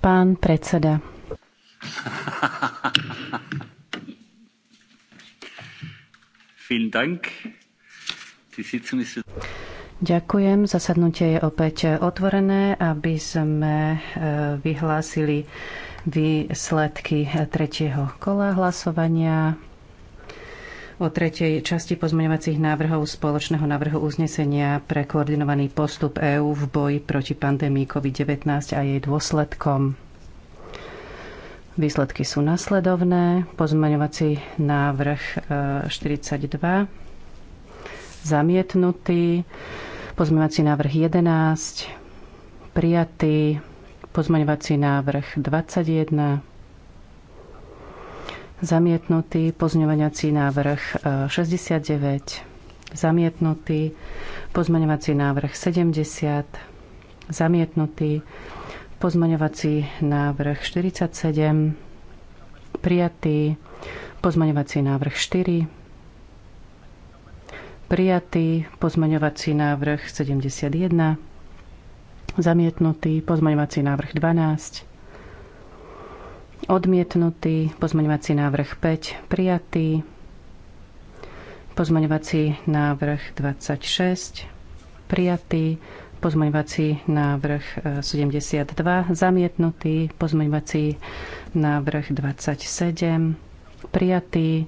Pán predseda. Ďakujem. Zasadnutie je opäť otvorené, aby sme e, vyhlásili výsledky tretieho kola hlasovania o tretej časti pozmeňovacích návrhov spoločného návrhu uznesenia pre koordinovaný postup EÚ v boji proti pandémii COVID-19 a jej dôsledkom. Výsledky sú nasledovné. Pozmeňovací návrh 42 e, zamietnutý. Pozmeňovací návrh 11 prijatý. Pozmeňovací návrh 21 zamietnutý, pozmeňovací návrh 69, eh, zamietnutý, pozmeňovací návrh 70, zamietnutý, pozmeňovací návrh 47, prijatý, pozmeňovací návrh 4, prijatý, pozmeňovací návrh 71, zamietnutý, pozmeňovací návrh 12, Odmietnutý. Pozmeňovací návrh 5. Prijatý. Pozmeňovací návrh 26. Prijatý. Pozmeňovací návrh 72. E, Zamietnutý. Pozmeňovací návrh 27. Prijatý.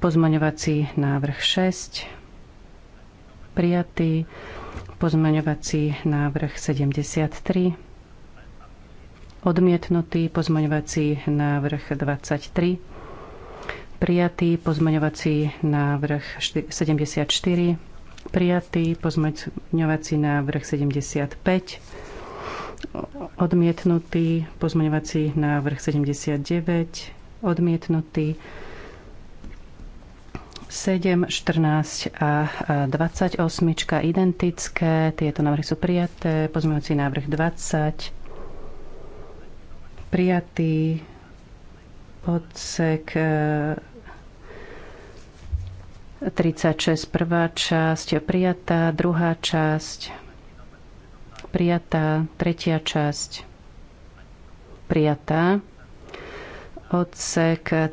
Pozmeňovací návrh 6. Prijatý. Pozmeňovací návrh 73 Odmietnutý pozmeňovací návrh 23. Prijatý pozmeňovací návrh 74. Prijatý pozmeňovací návrh 75. Odmietnutý pozmeňovací návrh 79. Odmietnutý 7, 14 a 28 identické. Tieto návrhy sú prijaté. Pozmeňovací návrh 20 prijatý odsek 36, e, prvá časť prijatá, druhá časť prijatá, tretia časť prijatá. Odsek 37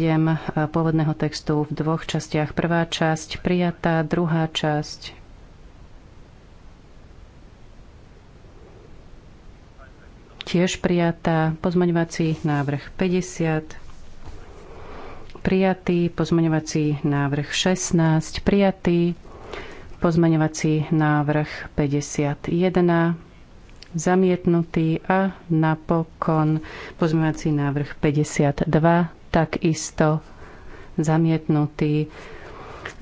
e, pôvodného textu v dvoch častiach. Prvá časť prijatá, druhá časť tiež prijatá. Pozmaňovací návrh 50 prijatý, pozmeňovací návrh 16 prijatý, pozmeňovací návrh 51 zamietnutý a napokon pozmeňovací návrh 52 takisto zamietnutý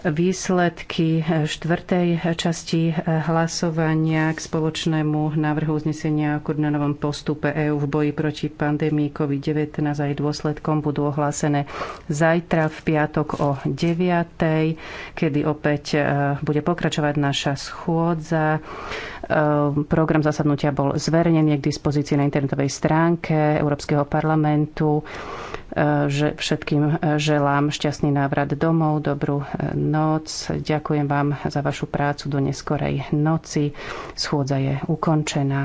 výsledky štvrtej časti hlasovania k spoločnému návrhu uznesenia o koordinovanom postupe EÚ v boji proti pandémii COVID-19 aj dôsledkom budú ohlásené zajtra v piatok o 9. kedy opäť e, bude pokračovať naša schôdza. E, program zasadnutia bol zverejnený k dispozícii na internetovej stránke Európskeho parlamentu že všetkým želám šťastný návrat domov, dobrú e, noc. Ďakujem vám za vašu prácu do neskorej noci. Schôdza je ukončená.